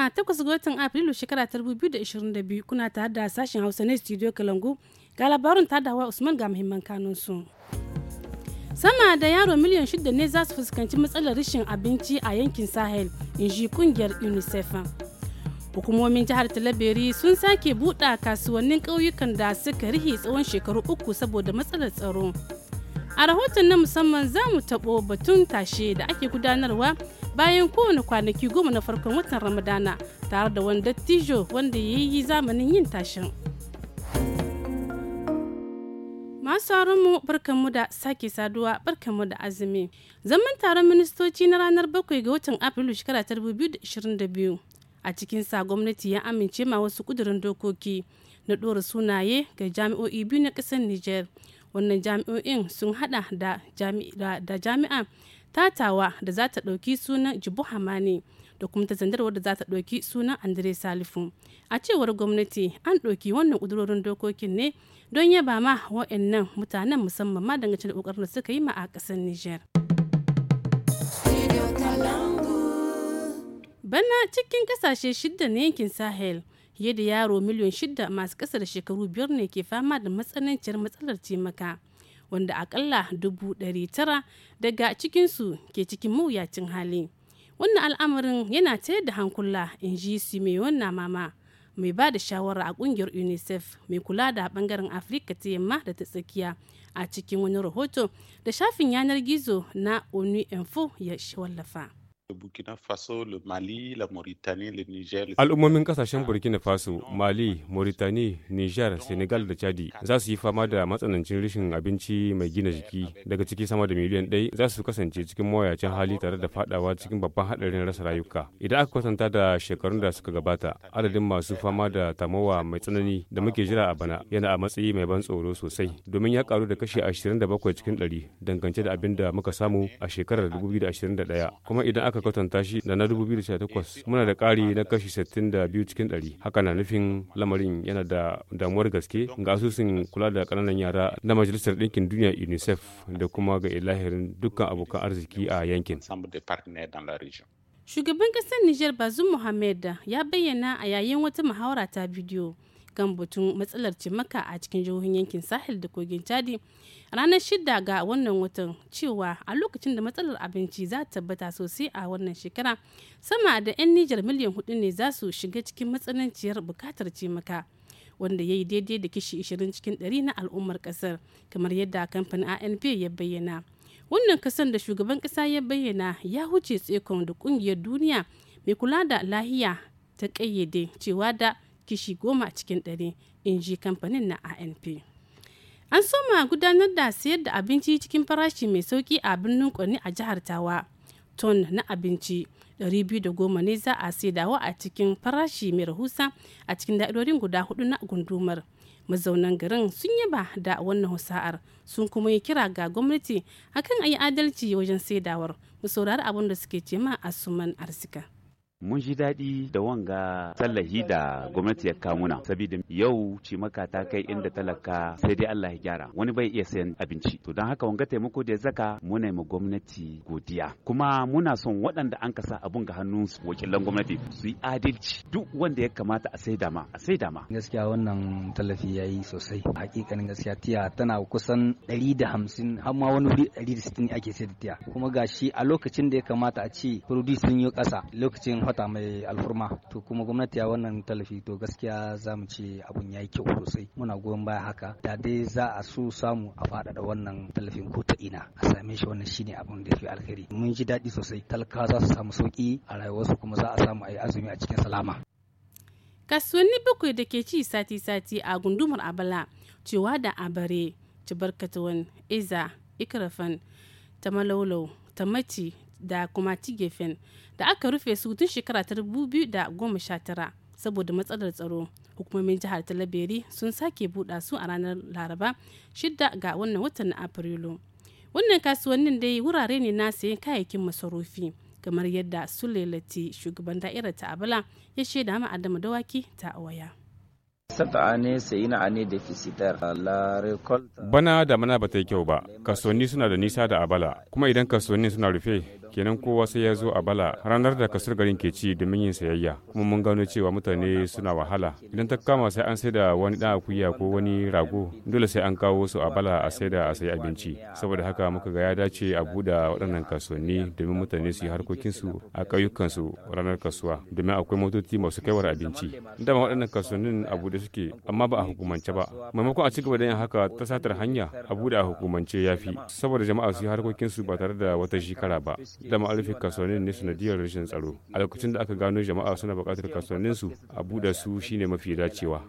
a 8 ga watan Afrilu shekara 2022 kuna tare da sashen Hausa na Studio Kalangu ga labarin ta dawa Usman ga muhimman kanun su. Sama da yaro miliyan shida ne za su fuskanci matsalar rashin abinci a yankin Sahel, in ji kungiyar UNICEF. Hukumomin jihar Talabiri sun sake buɗa kasuwannin ƙauyukan da suka rihi tsawon shekaru uku saboda matsalar tsaro. A rahoton na musamman za mu taɓo batun tashe da ake gudanarwa bayan kowane kwanaki goma na farkon watan ramadana tare da wani dattijo wanda ya yi zamanin yin tashin masu mu barkanmu da sake saduwa mu da azumi zaman taron ministoci na ranar 7 ga watan afrilu shekara 2022 a cikin sa gwamnati ya amince ma wasu kudurin dokoki na ɗora sunaye ga jami'o'i biyu na ƙasar niger wannan jami'o'in sun hada da jami'a tatawa da za ta ɗauki sunan jibu hamani da kuma ta zandarwar da za ta ɗauki sunan andre salifu a cewar gwamnati an ɗauki wannan ƙudurorin dokokin ne don yaba ma wa'annan mutanen musamman ma dangance da ƙoƙarin da suka yi ma a ƙasar niger bana cikin ƙasashe shidda na yankin sahel fiye da yaro miliyan shida masu ƙasa da shekaru biyar ne ke fama da matsananciyar matsalar taimaka wanda akalla dubu ɗari tara daga cikinsu ke cikin mawuyacin hali wannan al'amarin yana tayar da hankula in ji simeon mama mai ba da shawara a kungiyar unicef mai kula da bangaren afirka ta yamma da ta tsakiya a cikin wani rahoto da shafin yanar gizo na onu info ya wallafa. burkina faso le mali la mauritanie le niger al'ummomin kasashen burkina faso mali mauritanie niger senegal da chadi za su yi fama da matsanancin rashin abinci mai gina jiki daga ciki sama da miliyan ɗaya za su kasance cikin mawayacin hali tare da fadawa cikin babban haɗarin rasa rayuka idan aka kwatanta da shekarun da suka gabata adadin masu fama da tamowa mai tsanani da muke jira a bana yana a matsayi mai ban tsoro sosai domin ya karu da kashi 27 cikin 100 dangance da abin da muka samu a shekarar 2021 kuma idan aka aka kwatanta shi da na 2018 muna da ƙari na kashi 62 cikin 100 haka na nufin lamarin yana da damuwar gaske ga asusun kula da ƙananan yara na majalisar ɗinkin duniya unicef da kuma ga ilahirin dukkan abokan arziki a yankin shugaban ƙasar nijar bazum muhammad ya bayyana a yayin wata muhawara ta bidiyo kan batun matsalar cimaka a cikin jihohin yankin sahel da kogin chadi ranar shida ga wannan watan cewa a lokacin da matsalar abinci za ta tabbata sosai a wannan shekara sama da 'yan nijar miliyan hudu ne za su shiga cikin matsananciyar bukatar cimaka wanda ya yi daidai da kishi 20 cikin 100 na al'ummar kasar kamar yadda kamfanin anp ya bayyana wannan kasar da shugaban kasa ya bayyana ya huce tsekon da kungiyar duniya mai kula da lahiya ta kayyade cewa da kishi goma a cikin ɗari in ji kamfanin na anp an soma gudanar da sayar da abinci cikin farashi mai sauki a birnin kwanni a jihar tawa ton na abinci 210 ne za a saidawa a cikin farashi mai rahusa a cikin da'irorin guda hudu na gundumar mazaunan garin sun yaba da wannan husa'ar sun kuma yi kira ga gwamnati akan a adalci wajen saidawar mu saurari abin da suke ce ma suman arzika mun ji daɗi da wanga tallahi da gwamnati ya kamuna saboda yau ci maka ta kai inda talaka sai dai Allah ya gyara wani bai iya sayan abinci to don haka wanga taimako da zaka muna ma gwamnati godiya kuma muna son waɗanda an kasa abun ga hannun su wakilan gwamnati su yi adalci duk wanda ya kamata a saida ma a saida ma gaskiya wannan tallafi yayi sosai hakikanin gaskiya tiya tana kusan 150 har ma wani wuri 160 ake saida tiya kuma gashi a lokacin da ya kamata a ce produce sun yi ƙasa lokacin fata mai alfurma to kuma gwamnati ya wannan tallafi to gaskiya za mu ce abun ya yi kyau sosai muna goyon baya haka da dai za a so samu a faɗaɗa wannan tallafin ko ta ina a same shi wannan shine abun da fi alheri mun ji daɗi sosai talakawa za su samu sauki a rayuwarsu kuma za a samu a yi azumi a cikin salama. kasuwanni bakwai da ke ci sati-sati a gundumar abala cewa da abare cibarkatawan iza ikrafan ta tamaci da kumati gefen da aka rufe su tun shekara ta biyu da goma sha tara saboda matsalar tsaro hukumomin jihar talabiri sun sake buɗa su a ranar laraba shidda ga wannan watan na afrilu wannan kasuwannin dai wurare ne na sayan kayayyakin masarufi kamar yadda sulelati shugaban da'irar ta abala ya shaida ma adama dawaki ta waya Bana da mana ba ta yi kyau ba, kasuwanni suna da nisa da abala, kuma idan kasuwanni suna rufe kenan kowa sai ya zo a bala ranar da kasar garin ke ci domin yin sayayya kuma mun gano cewa mutane suna wahala idan ta kama sai an sai da wani dan akuya ko wani rago dole sai an kawo su a bala a sai da a sayi abinci saboda haka muka ga ya dace a buɗe waɗannan kasuwanni domin mutane su yi harkokinsu a su ranar kasuwa domin akwai motoci masu kaiwar abinci dama waɗannan kasuwannin a buɗe suke amma ba a hukumance ba maimakon a ci gaba da yin haka ta satar hanya a buɗe a hukumance ya fi saboda jama'a su yi harkokinsu ba tare da wata shekara ba da alifin kasuwannin ne sanadiyar rashin tsaro a lokacin da aka gano jama'a suna buƙatar kasuwannin su a buɗe su shine mafi dacewa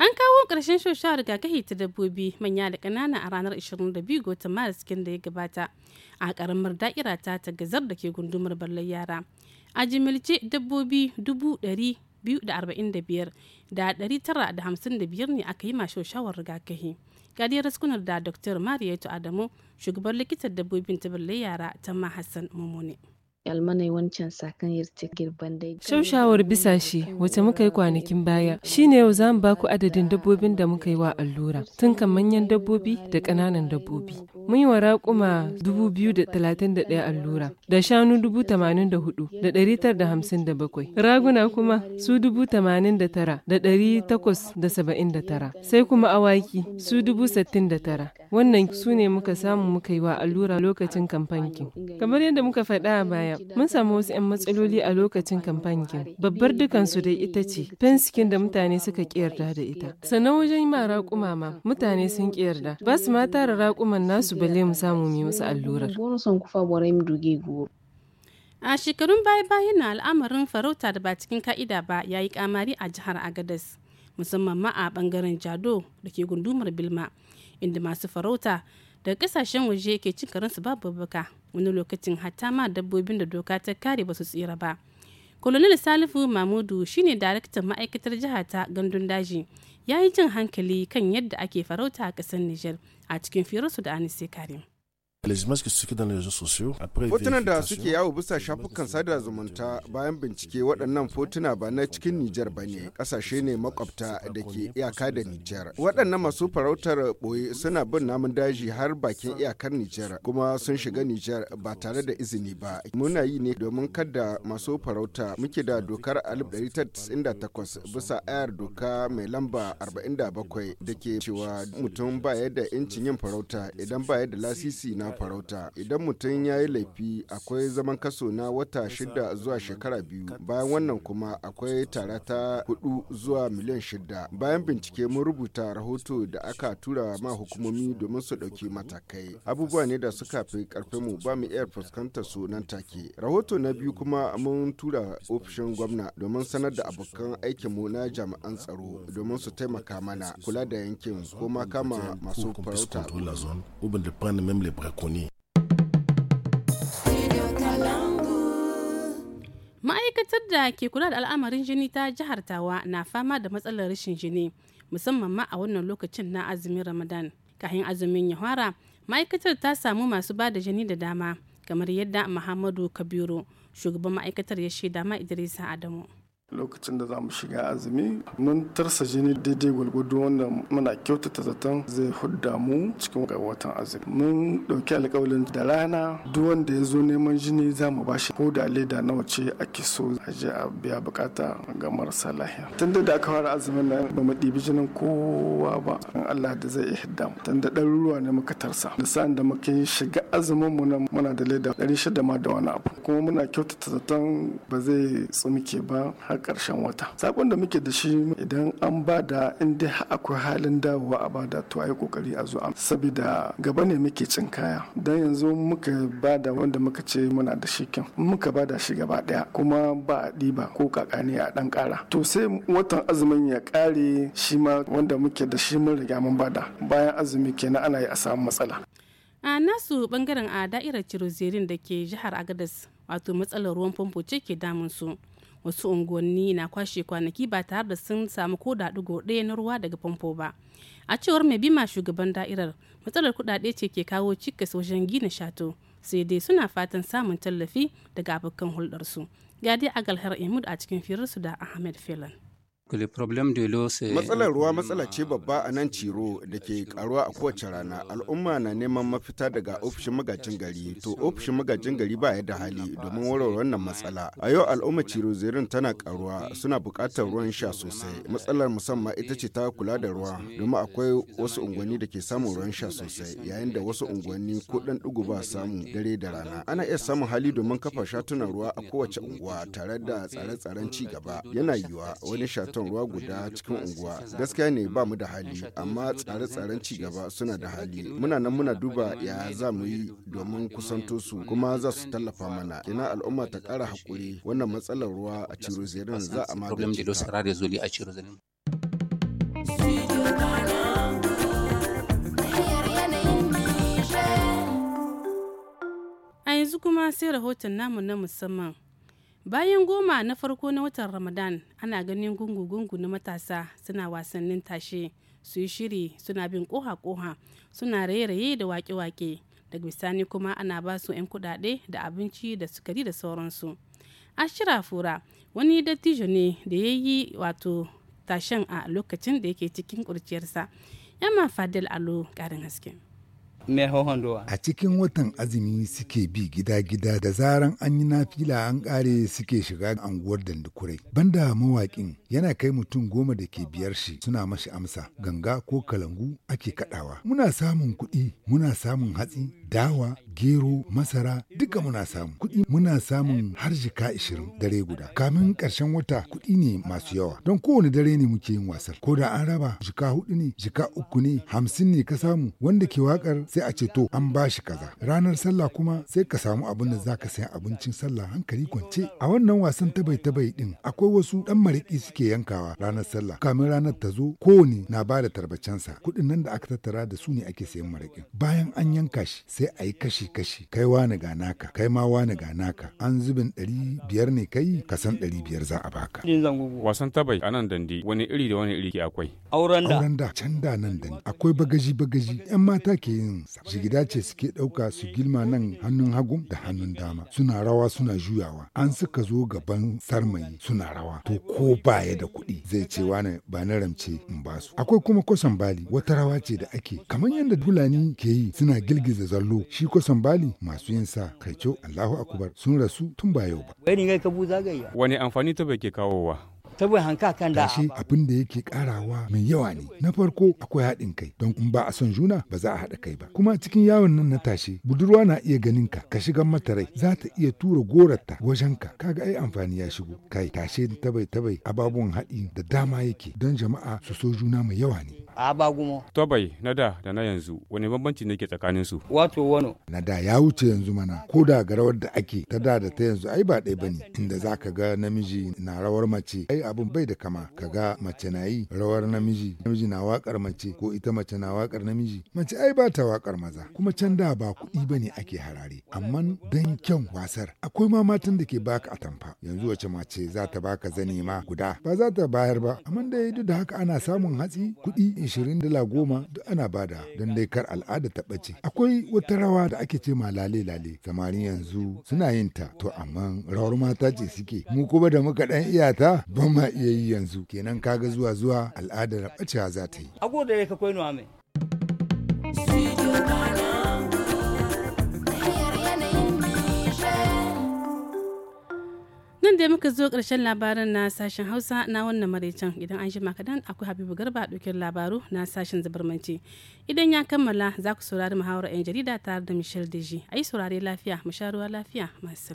an kawo ƙarshen da rigakafi ta dabbobi manya da ƙanana a ranar 22 ga watan maris da ya gabata a ƙaramar da'ira ta ta gazar da ke gundumar ballar yara a jimilce dabbobi 245 da 955 ne aka yi ma shoshawar rigakahi. gadiyar raskunar da dr mariyatu adamu shugabar likitar dabbobin ta yara ta mahassan mummune. almanai wancan sakan yirtikir bandai. Shaushawar bisa shi wacce muka yi kwanakin baya shine yau za mu baku adadin dabbobin da muka yi wa allura tun kan manyan dabbobi da ƙananan dabbobi. Mun yi wa raƙuma ɗaya allura da shanu dubu tamanin da da da da hudu tar hamsin bakwai; raguna kuma su dubu tamanin da da da da tara takwas saba'in tara, sai kuma awaki su dubu sittin da tara, wannan su ne muka samu muka yi wa allura lokacin kamfanki. Kamar yadda muka faɗa a baya mun samu wasu 'yan matsaloli a lokacin kamfanin Babbar dukansu dai ita ce, fensikin da mutane suka kiyarda da ita. Sannan wajen ma raƙuma ma, mutane sun kiyarda. Ba su ma tara raƙuman nasu balle mu samu mu musu allurar. A shekarun baya-bayan na al'amarin farauta da ba cikin ka'ida ba ya yi kamari a jihar Agadas, musamman ma a bangaren Jado da ke gundumar Bilma, inda masu farauta da kasashen waje ke cin su babu babbaka wani lokacin hatta ma dabbobin da doka ta kare ba su tsira ba kolonel salifu mamudu shine daraktan ma'aikatar jiha ta gandun daji ya yi jin hankali kan yadda ake farauta a ƙasar niger a cikin firarsu da anise karim Legimas que suke les réseaux sociaux après Fotunan da suke yawo bisa shafukan sada zumunta bayan bincike waɗannan fotuna ba na cikin Nijar bane ne ƙasashe ne makwabta da ke iyaka da Nijar. Waɗannan masu farautar ɓoye suna bin namun daji har bakin iyakar Nijar kuma sun shiga Nijar ba tare da izini ba. Muna yi ne domin kada masu farauta muke da dokar 1998 bisa ayar doka mai lamba 47 da ke cewa mutum baya da incin yin farauta idan baya da lasisi na na farauta idan mutum ya yi laifi akwai zaman kaso na wata shida zuwa shekara biyu bayan wannan kuma akwai tara ta hudu zuwa miliyan shida bayan bincike mun rubuta rahoto da aka tura ma hukumomi domin su ɗauki matakai abubuwa ne da suka fi karfe mu ba mu iya fuskantar su nan take rahoto na biyu kuma mun tura ofishin gwamna domin sanar da abokan aikinmu na jami'an tsaro domin su taimaka mana kula da yankin ko ma kama masu farauta ma'aikatar da ke kula da al'amarin jini ta jihar tawa na fama da matsalar rashin jini musamman ma a wannan lokacin na azumin ramadan kahin azumin ya fara ma'aikatar ta samu masu ba da jini da dama kamar yadda muhammadu kabiru shugaban ma'aikatar ya shaida ma idrisa adamu lokacin da za mu shiga azumi mun tarsa jini daidai gwalgwado wanda muna kyautata zaton zai hudda mu cikin watan azumi mun ɗauki alkawalin da rana duk wanda ya zo neman jini za mu bashi ko da leda nawa ce ake so a je a biya bukata ga marasa lahiya tun da aka fara azumin nan ba mu ɗibi jinin kowa ba in Allah da zai hidda mu tun da ɗaruruwa ne muka tarsa da sa'an da muka shiga azumin mu nan muna da leda ɗari shida ma da wani abu kuma muna kyautata zaton ba zai tsumke ba karshen wata sakon da muke da shi idan an ba da inda akwai halin dawowa a ba da to ayi kokari a zuwa saboda gaba ne muke cin kaya dan yanzu muka ba da wanda muka ce muna da shi kin muka ba da shi gaba daya kuma ba a ɗiba ko kakani a dan kara to sai watan azumin ya kare shi ma wanda muke da shi mun riga mun bada bayan azumi kenan ana yi a samu matsala a nasu bangaren a da'irar cirozerin da ke jihar agadas wato matsalar ruwan famfo ce ke damun su wasu unguwanni na kwashe kwanaki ba tare da sun samu ko da ɗigo ɗaya na ruwa daga famfo ba a cewar mai bima shugaban da'irar matsalar kuɗaɗe ce ke kawo cikas wajen gina shato sai dai suna fatan samun tallafi daga abokan hulɗarsu ga dai agalhar imud a cikin firarsu da ahmed filan Matsalar ruwa matsala ce babba a nan Ciro da ke karuwa a kowace rana. Al'umma na neman mafita daga ofishin magajin gari. To ofishin magajin gari ba ya da hali domin warware wannan matsala. A yau al'umma Ciro zirin tana karuwa suna bukatar ruwan sha sosai. Matsalar musamman ita ce ta kula da ruwa domin akwai wasu unguwanni da ke samun ruwan sha sosai yayin da wasu unguwanni ko ɗan ɗigo ba samu dare da rana. Ana iya samun hali domin kafa shatunan ruwa a kowace unguwa tare da tsare-tsaren ci gaba. Yana yiwuwa wani shatu raton ruwa guda cikin unguwa gaskiya ne ba mu da hali amma tsare-tsaren ci gaba suna da hali muna nan muna duba ya za mu yi domin kusanto su kuma za su tallafa mana ina al'umma ta ƙara haƙuri wannan matsalar ruwa a cirozerin za a magance ta. yanzu kuma sai rahoton namu na musamman bayan goma na farko na watan ramadan ana ganin gungu-gungu na matasa suna wasannin tashe su yi shiri suna bin koha-koha suna raye-raye da wake-wake daga bisani kuma ana ba su 'yan kudade da abinci da sukari da sauransu ashira fura wani dattijo ne da ya yi wato tashen a lokacin da yake cikin kurciyarsa yamma fadil alo ƙarin hasken. a cikin watan azumi suke bi gida-gida da zaran an yi nafila an kare suke shiga anguwar dandukurai banda mawaƙin yana kai mutum goma da ke biyar shi suna mashi amsa ganga ko kalangu ake kadawa muna samun kuɗi muna samun hatsi dawa, gero, masara duka muna samu. Kuɗi muna samun har jika ishirin dare guda. Kamin ƙarshen wata kuɗi ne masu yawa. Don kowane dare ne muke yin wasar. Ko da an raba jika hudu ne, jika uku ne, hamsin ne ka samu. Wanda ke wakar sai a ce to an ba shi kaza. Ranar sallah kuma sai ka samu abin da za ka sayan abincin sallah hankali kwance. A wannan wasan tabai-tabai din akwai wasu ɗan mariki suke yankawa ranar sallah. Kamin ranar ta zo kowane na bada da tarbacensa. Kuɗin nan da aka tattara da su ne ake sayan maraƙin. Bayan an yanka shi sai a yi kashi-kashi kai wani ga naka kai ma wani ga naka an zubin ɗari biyar ne kai ka san ɗari biyar za a baka. Wasan tabai a nan dandi wani iri da wani iri ke akwai. Auren da. can da nan dandi akwai bagaji-bagaji 'yan mata ke yin sa. Jigida ce suke ɗauka su gilma nan hannun hagu da hannun dama suna rawa suna juyawa an suka zo gaban sarmayi suna rawa to ko baya da kuɗi zai ce wani ba na ramce in ba su. Akwai kuma kwasan bali wata rawa ce da ake kamar yadda Fulani ke yi suna girgiza zalo kallo shi kwasan bali masu yin sa kai Allahu akubar sun rasu tun ba yau ba. Wani amfani ta bai ke kawowa. saboda hanka kan da shi abin da yake karawa mai yawa ne na farko akwai haɗin kai don in ba a son juna ba za a haɗa kai ba kuma cikin yawon nan na tashi budurwa na iya ganin ka ka shiga mata rai za ta iya tura gorarta wajen ka kaga ai amfani ya shigo kai tashe tabai tabai ababuwan haɗi da dama yake don jama'a su so juna mai yawa ne abagumo tabai na da da na yanzu wani bambanci ne ke tsakanin su wato wano na da ya wuce yanzu mana ko da garawar da ake ta da da ta yanzu ai ba ɗaya bane inda zaka ga namiji na rawar mace ai abin bai da kama ka ga mace na yi rawar namiji namiji na wakar mace ko ita mace na wakar namiji mace ai ba ta wakar maza kuma can da ba kuɗi ba ne ake harare amma dan kyan wasar akwai ma matan da ke baka atamfa yanzu wace mace za ta baka zane ma guda ba za ta bayar ba amma da duk da haka ana samun hatsi kuɗi ishirin dala goma duk ana bada don dai kar al'ada ta ɓace akwai wata rawa da ake ce ma lale lale samarin yanzu suna yin ta to amma rawar mata ce suke mu kuma da muka ɗan iyata ban ma iya yi yanzu kenan kaga zuwa zuwa al'adar ɓacewa za ta yi. nan da muka zo karshen labarin na sashen hausa na wannan maraicen idan an jima kadan akwai habibu garba ɗaukin labaru na sashen zubarmanci idan ya kammala za ku saurari muhawarar 'yan jarida tare da michel deji a yi saurari lafiya mu lafiya masu